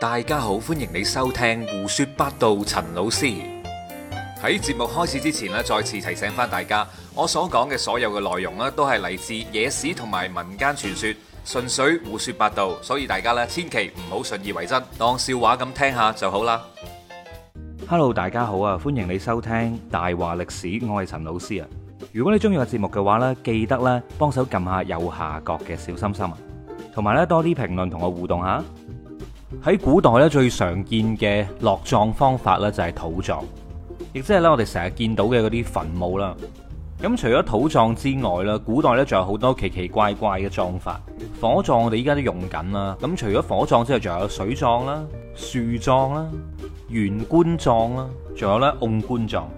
大家好，歡迎你收聽胡說八道。陳老師喺節目開始之前呢，再次提醒翻大家，我所講嘅所有嘅內容呢，都係嚟自野史同埋民間傳說，純粹胡說八道，所以大家呢，千祈唔好信以為真，當笑話咁聽下就好啦。Hello，大家好啊，歡迎你收聽大話歷史，我係陳老師啊。如果你中意個節目嘅話呢，記得呢幫手撳下右下角嘅小心心，同埋呢多啲評論同我互動下。.喺古代咧，最常見嘅落葬方法咧就係土葬，亦即係咧我哋成日見到嘅嗰啲墳墓啦。咁除咗土葬之外啦，古代咧仲有好多奇奇怪怪嘅葬法。火葬我哋依家都用緊啦。咁除咗火葬之外，仲有水葬啦、樹葬啦、懸棺葬啦，仲有咧瓮棺葬。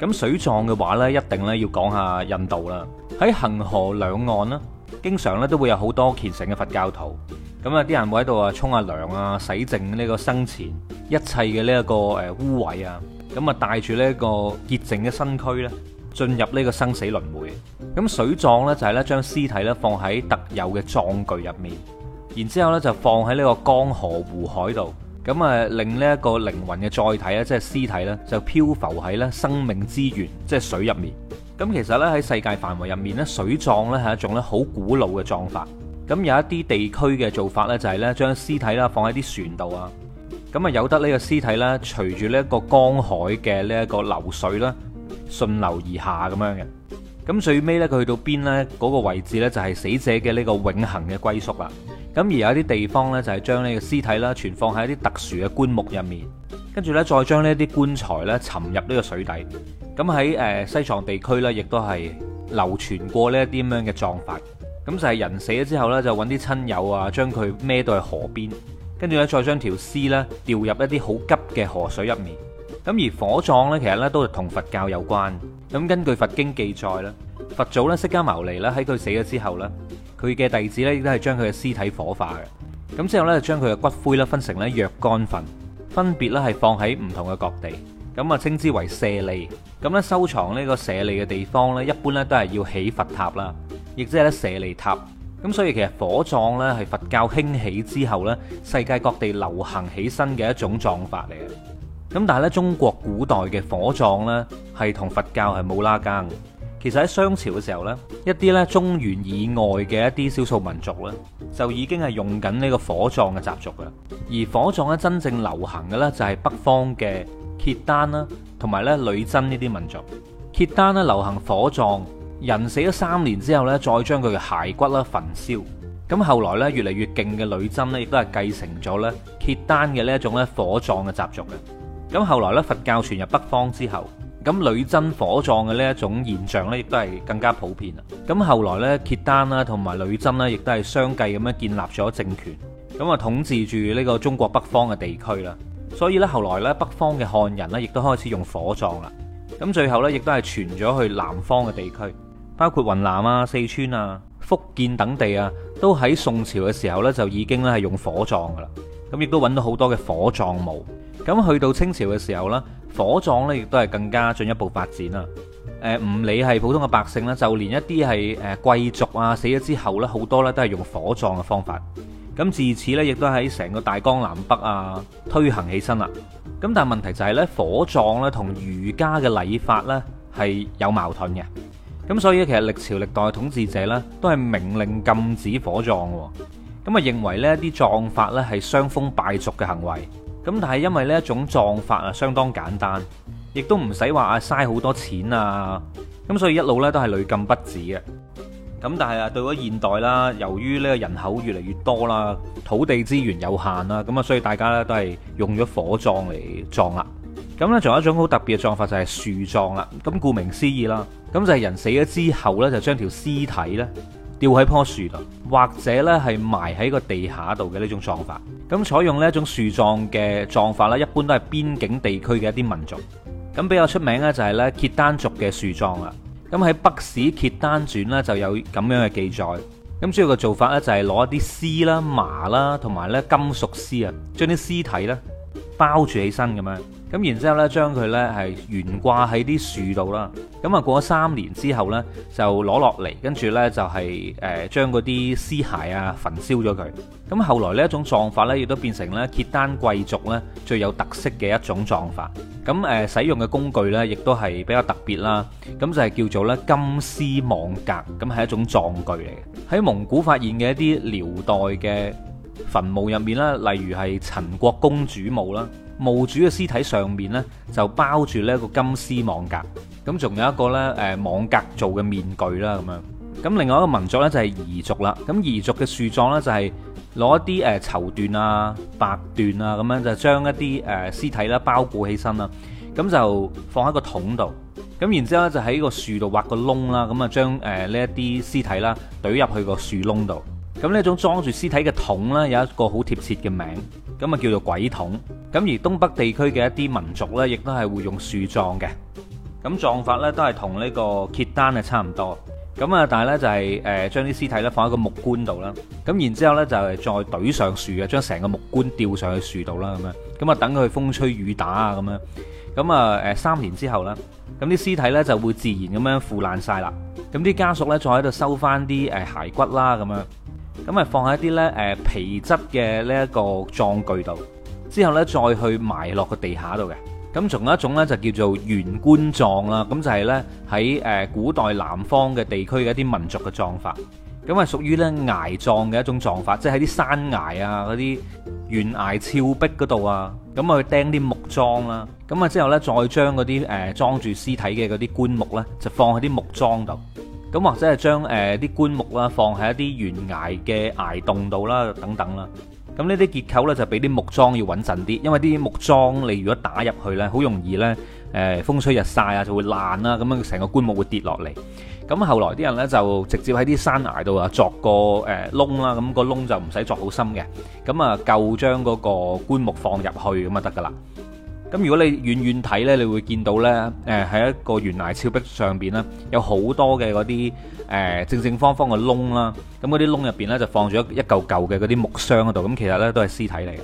咁水葬嘅話咧，一定咧要講下印度啦。喺恒河兩岸啦，經常咧都會有好多虔誠嘅佛教徒。咁啊！啲人會喺度啊，沖下涼啊，洗淨呢個生前一切嘅呢一個誒污穢啊，咁啊，帶住呢一個潔淨嘅身軀咧，進入呢個生死輪回。咁水葬咧就係咧將屍體咧放喺特有嘅葬具入面，然之後咧就放喺呢個江河湖海度，咁啊令呢一個靈魂嘅載體咧，即係屍體咧就漂浮喺咧生命之源即係、就是、水入面。咁其實咧喺世界範圍入面咧，水葬咧係一種咧好古老嘅葬法。咁有一啲地區嘅做法呢，就係呢將屍體啦放喺啲船度啊，咁啊有得呢個屍體咧，隨住呢一個江海嘅呢一個流水啦，順流而下咁樣嘅。咁最尾呢，佢去到邊呢？嗰、那個位置呢，就係死者嘅呢個永恒嘅歸宿啦。咁而有一啲地方呢，就係將呢個屍體啦存放喺一啲特殊嘅棺木入面，跟住呢，再將呢啲棺材呢沉入呢個水底。咁喺西藏地區呢，亦都係流傳過呢一啲咁樣嘅葬法。咁就係人死咗之後呢，就揾啲親友啊，將佢孭到去河邊，跟住呢，再將條屍呢掉入一啲好急嘅河水入面。咁而火葬呢，其實呢都係同佛教有關。咁根據佛經記載呢，佛祖呢釋迦牟尼呢，喺佢死咗之後呢，佢嘅弟子呢亦都係將佢嘅屍體火化嘅。咁之後呢就將佢嘅骨灰呢，分成呢若干份，分別呢係放喺唔同嘅各地。咁啊稱之為舍利。咁呢收藏呢個舍利嘅地方呢，一般呢都係要起佛塔啦。亦即係咧舍利塔，咁所以其實火葬咧係佛教興起之後咧，世界各地流行起身嘅一種葬法嚟嘅。咁但係咧，中國古代嘅火葬咧係同佛教係冇拉更。其實喺商朝嘅時候咧，一啲咧中原以外嘅一啲少數民族咧，就已經係用緊呢個火葬嘅習俗㗎。而火葬咧真正流行嘅咧就係北方嘅契丹啦，同埋咧女真呢啲民族。契丹咧流行火葬，人死咗三年之後呢，再將佢嘅骸骨啦焚燒。咁後來呢，越嚟越勁嘅女真呢，亦都係繼承咗呢契丹嘅呢一種咧火葬嘅習俗嘅。咁後來呢，佛教傳入北方之後，咁女真火葬嘅呢一種現象呢，亦都係更加普遍啦。咁後來呢，契丹啦同埋女真呢，亦都係相繼咁樣建立咗政權，咁啊統治住呢個中國北方嘅地區啦。所以呢，後來呢，北方嘅漢人呢，亦都開始用火葬啦。咁最後呢，亦都係傳咗去南方嘅地區。包括雲南啊、四川啊、福建等地啊，都喺宋朝嘅時候呢，就已經呢係用火葬噶啦。咁亦都揾到好多嘅火葬墓。咁去到清朝嘅時候呢，火葬呢亦都係更加進一步發展啦。誒，唔理係普通嘅百姓啦，就連一啲係誒貴族啊，死咗之後呢，好多呢都係用火葬嘅方法。咁自此呢，亦都喺成個大江南北啊推行起身啦。咁但係問題就係呢，火葬呢同儒家嘅禮法呢係有矛盾嘅。咁所以其實歷朝歷代嘅統治者呢，都係明令禁止火葬嘅。咁啊，認為呢啲葬法呢係傷風敗俗嘅行為。咁但係因為呢一種葬法啊，相當簡單，亦都唔使話啊嘥好多錢啊。咁所以一路呢都係屢禁不止嘅。咁但係啊，到咗現代啦，由於呢個人口越嚟越多啦，土地資源有限啦，咁啊，所以大家呢都係用咗火葬嚟葬啦。咁咧，仲有一種好特別嘅葬法，就係樹葬啦。咁，顧名思義啦，咁就係人死咗之後呢，就將條屍體呢吊喺樖樹度，或者呢係埋喺個地下度嘅呢種葬法。咁採用呢一種樹葬嘅葬法呢，一般都係邊境地區嘅一啲民族。咁比較出名呢，就係呢契丹族嘅樹葬啦。咁喺《北史契丹傳》呢，就有咁樣嘅記載。咁主要嘅做法呢，就係攞一啲絲啦、麻啦，同埋呢金屬絲啊，將啲屍體呢包住起身咁樣。咁然之後咧，將佢咧係懸掛喺啲樹度啦。咁啊，過咗三年之後咧，就攞落嚟，跟住咧就係誒將嗰啲屍骸啊焚燒咗佢。咁後來咧一種葬法咧，亦都變成咧契丹貴族咧最有特色嘅一種葬法。咁誒使用嘅工具咧，亦都係比較特別啦。咁就係叫做咧金絲網格，咁係一種葬具嚟嘅。喺蒙古發現嘅一啲遼代嘅墳墓入面咧，例如係陳國公主墓啦。墓主嘅屍體上面呢，就包住呢個金絲網格，咁仲有一個呢誒網格做嘅面具啦咁樣，咁另外一個民族呢，就係彝族啦，咁彝族嘅樹葬呢，就係攞一啲誒綢緞啊、白緞啊咁樣，樣就將一啲誒屍體啦包裹起身啦，咁就放喺個桶度，咁然之後呢就喺個樹度挖個窿啦，咁啊將誒呢一啲屍體啦懟入去個樹窿度。咁呢種裝住屍體嘅桶呢，有一個好貼切嘅名，咁啊叫做鬼桶。咁而東北地區嘅一啲民族呢，亦都係會用樹葬嘅。咁葬法呢，都係同呢個揭單啊差唔多。咁啊，但係呢，就係、是、誒、呃、將啲屍體呢放喺個木棺度啦。咁然之後呢，就係、是、再懟上樹啊，將成個木棺吊上去樹度啦，咁樣咁啊，等佢風吹雨打啊，咁樣咁啊誒三年之後啦，咁啲屍體呢就會自然咁樣腐爛晒啦。咁啲家屬呢，再喺度收翻啲誒骸骨啦，咁咁啊，放喺一啲咧，誒，皮質嘅呢一個葬具度，之後咧，再去埋落個地下度嘅。咁仲有一種咧，就叫做懸棺葬啦。咁就係咧喺誒古代南方嘅地區嘅一啲民族嘅葬法。咁啊，屬於咧崖葬，嘅一種葬法，即係喺啲山崖啊，嗰啲懸崖峭壁嗰度啊，咁啊去釘啲木樁啦。咁啊之後咧，再將嗰啲誒裝住屍體嘅嗰啲棺木咧，就放喺啲木樁度。咁或者係將誒啲棺木啦，放喺一啲懸崖嘅崖洞度啦等等啦，咁呢啲結構咧就比啲木樁要穩陣啲，因為啲木樁你如果打入去咧，好容易咧誒風吹日曬啊就會爛啦，咁樣成個棺木會跌落嚟。咁後來啲人咧就直接喺啲山崖度啊，鑿個誒窿啦，咁個窿就唔使鑿好深嘅，咁啊夠將嗰個棺木放入去咁就得噶啦。咁如果你遠遠睇咧，你會見到咧，誒喺一個懸崖峭壁上邊咧，有好多嘅嗰啲誒正正方方嘅窿啦。咁嗰啲窿入邊咧就放咗一一嚿嚿嘅嗰啲木箱嗰度。咁其實咧都係屍體嚟嘅。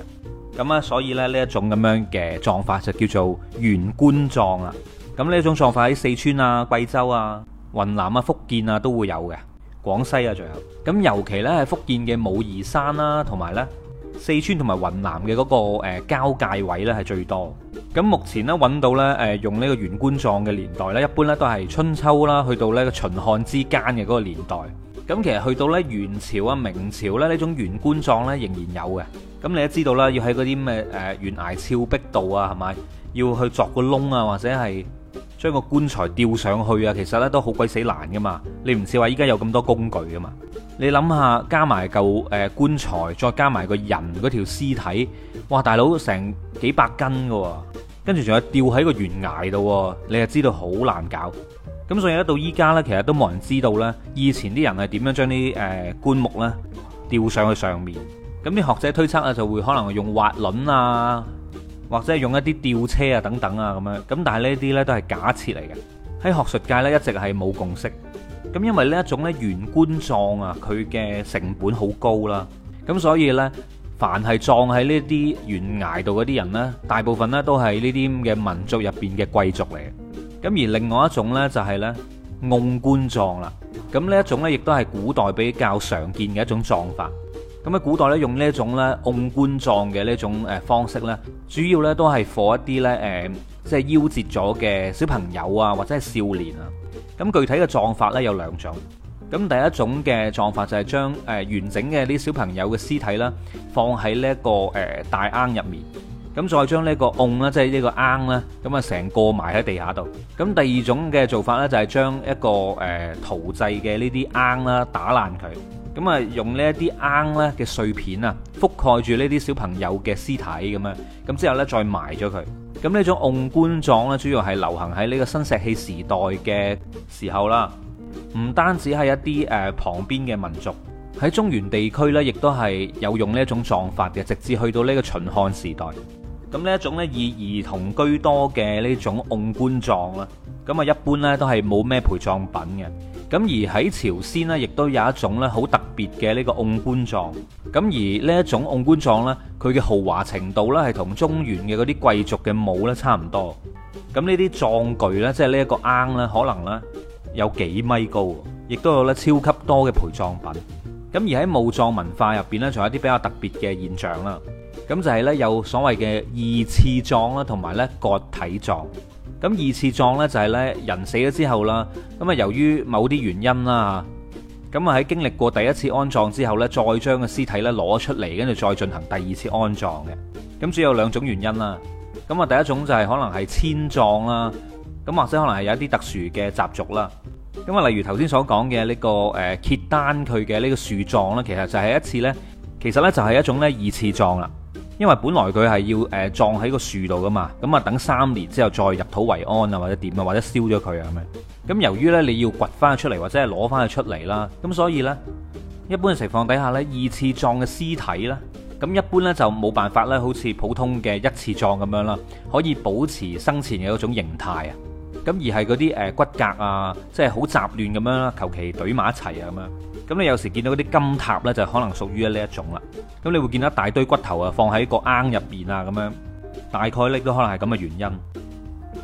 咁啊，所以咧呢一種咁樣嘅葬法就叫做懸棺葬啊。咁呢一種葬法喺四川啊、貴州啊、雲南啊、福建啊都會有嘅。廣西啊，仲有。咁尤其咧係福建嘅武夷山啦，同埋咧。四川同埋雲南嘅嗰個交界位咧係最多。咁目前咧揾到咧誒，用呢個懸棺葬嘅年代咧，一般咧都係春秋啦，去到咧秦漢之間嘅嗰個年代。咁其實去到咧元朝啊、明朝咧、啊、呢種懸棺葬咧仍然有嘅。咁你都知道啦，要喺嗰啲咩誒懸崖峭壁度啊，係咪要去鑿個窿啊，或者係？將個棺材吊上去啊，其實咧都好鬼死難噶嘛。你唔似話依家有咁多工具噶嘛？你諗下，加埋嚿誒棺材，再加埋個人嗰條屍體，哇！大佬成幾百斤噶，跟住仲有吊喺個懸崖度，你就知道好難搞。咁所以咧，到依家呢，其實都冇人知道呢。以前啲人係點樣將啲誒棺木呢吊上去上面。咁啲學者推測咧，就會可能用滑輪啊。或者用一啲吊車啊等等啊咁樣，咁但係呢啲呢都係假設嚟嘅，喺學術界呢，一直係冇共識。咁因為呢一種呢懸棺葬啊，佢嘅成本好高啦，咁所以呢，凡係葬喺呢啲懸崖度嗰啲人呢，大部分呢都係呢啲嘅民族入邊嘅貴族嚟嘅。咁而另外一種呢，就係呢甕棺葬啦。咁呢一種呢，亦都係古代比較常見嘅一種葬法。咁喺古代咧，用呢一種咧甕棺葬嘅呢一種方式咧，主要咧都係放一啲咧誒，即係夭折咗嘅小朋友啊，或者係少年啊。咁具體嘅葬法咧，有兩種。咁第一種嘅葬法就係將完整嘅啲小朋友嘅屍體啦，放喺呢一個大甕入面。咁再將呢個甕啦，即係呢個罌啦，咁啊成個埋喺地下度。咁第二種嘅做法呢，就係將一個誒陶製嘅呢啲罌啦打爛佢，咁啊用呢一啲罌咧嘅碎片啊覆蓋住呢啲小朋友嘅屍體咁樣，咁之後呢，再埋咗佢。咁呢種甕棺葬呢，主要係流行喺呢個新石器時代嘅時候啦。唔單止係一啲旁邊嘅民族，喺中原地區呢，亦都係有用呢一種葬法嘅，直至去到呢個秦漢時代。咁呢一種呢以兒童居多嘅呢種甕棺葬啦，咁啊一般呢都係冇咩陪葬品嘅。咁而喺朝鮮呢亦都有一種呢好特別嘅呢個甕棺葬。咁而呢一種甕棺葬呢，佢嘅豪華程度咧係同中原嘅嗰啲貴族嘅墓咧差唔多。咁呢啲葬具呢，即係呢一個罌，可能呢有幾米高，亦都有呢超級多嘅陪葬品。咁而喺墓葬文化入面呢，仲有啲比較特別嘅現象啦。咁就係呢，有所謂嘅二次葬啦，同埋呢個體葬。咁二次葬呢，就係呢人死咗之後啦，咁啊由於某啲原因啦，咁啊喺經歷過第一次安葬之後呢，再將個屍體呢攞出嚟，跟住再進行第二次安葬嘅。咁主要有兩種原因啦。咁啊第一種就係可能係遷葬啦，咁或者可能係有一啲特殊嘅習俗啦。咁啊例如頭先所講嘅呢個誒揭單佢嘅呢個樹葬咧，其實就係一次呢，其實呢就係一種呢二次葬啦。因為本來佢係要誒葬喺個樹度噶嘛，咁啊等三年之後再入土為安啊，或者點啊，或者燒咗佢啊咁樣。咁由於呢，你要掘翻佢出嚟，或者係攞翻佢出嚟啦，咁所以呢，一般嘅情況底下呢，二次葬嘅屍體呢，咁一般呢就冇辦法呢，好似普通嘅一次葬咁樣啦，可以保持生前嘅嗰種形態啊。咁而係嗰啲誒骨骼啊，即係好雜亂咁樣啦，求其堆埋一齊啊咁樣。咁你有時見到嗰啲金塔呢，就可能屬於呢一種啦。咁你會見到大堆骨頭啊，放喺個坑入邊啊咁樣，大概咧都可能係咁嘅原因。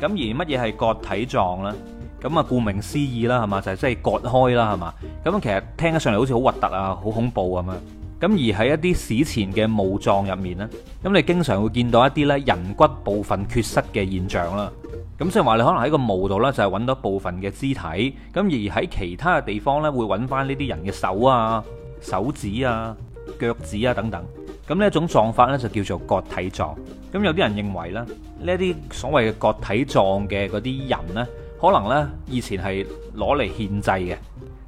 咁而乜嘢係割體葬呢？咁啊，顧名思義啦，係嘛就係即係割開啦，係嘛。咁其實聽起上嚟好似好核突啊，好恐怖咁樣。咁而喺一啲史前嘅墓葬入面咧，咁你經常會見到一啲咧人骨部分缺失嘅現象啦。咁即係話你可能喺個墓度咧就係揾到部分嘅肢體，咁而喺其他嘅地方呢會揾翻呢啲人嘅手啊、手指啊、腳趾啊等等。咁呢種葬法呢，就叫做割體葬。咁有啲人認為呢，呢啲所謂嘅割體葬嘅嗰啲人呢，可能呢以前係攞嚟獻祭嘅，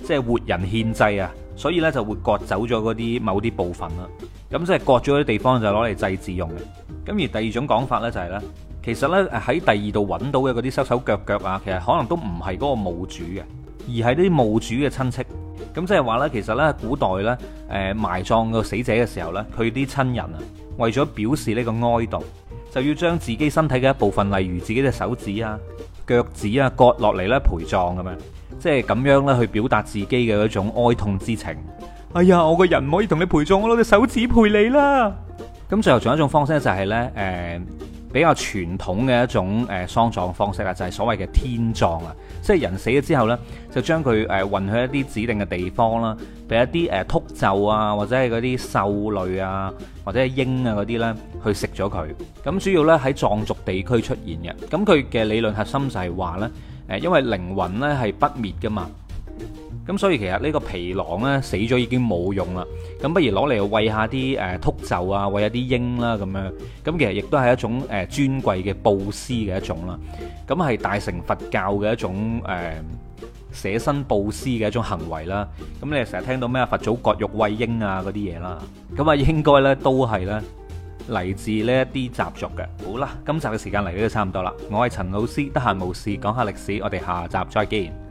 即係活人獻祭啊。所以咧就會割走咗嗰啲某啲部分啦，咁即係割咗啲地方就攞嚟祭祀用嘅。咁而第二種講法呢，就係呢。其實呢，喺第二度揾到嘅嗰啲手手腳腳啊，其實可能都唔係嗰個墓主嘅，而係啲墓主嘅親戚。咁即係話呢，其實呢，古代呢，誒埋葬個死者嘅時候呢，佢啲親人啊，為咗表示呢個哀悼，就要將自己身體嘅一部分，例如自己嘅手指啊、腳趾啊，割落嚟呢，陪葬咁樣。即係咁樣咧，去表達自己嘅一種哀痛之情。哎呀，我個人唔可以同你陪葬，我攞隻手指陪你啦。咁最後仲有一種方式就係咧，誒，比較傳統嘅一種誒喪葬方式啦，就係所謂嘅天葬啊。即係人死咗之後咧，就將佢誒運去一啲指定嘅地方啦，俾一啲誒禿鷲啊，或者係嗰啲獸類啊，或者係鷹啊嗰啲咧，去食咗佢。咁主要咧喺藏族地區出現嘅。咁佢嘅理論核心就係話咧。誒，因為靈魂咧係不滅噶嘛，咁所以其實呢個皮囊咧死咗已經冇用啦，咁不如攞嚟餵下啲誒禿鷲啊，餵下啲鷹啦咁樣，咁其實亦都係一種誒尊貴嘅佈施嘅一種啦，咁係大乘佛教嘅一種誒捨身佈施嘅一種行為啦，咁你係成日聽到咩佛祖割肉餵鷹啊嗰啲嘢啦，咁啊應該咧都係咧。嚟自呢一啲習俗嘅。好啦，今集嘅時間嚟到都差唔多啦。我係陳老師，得閒無事講下歷史。我哋下集再見。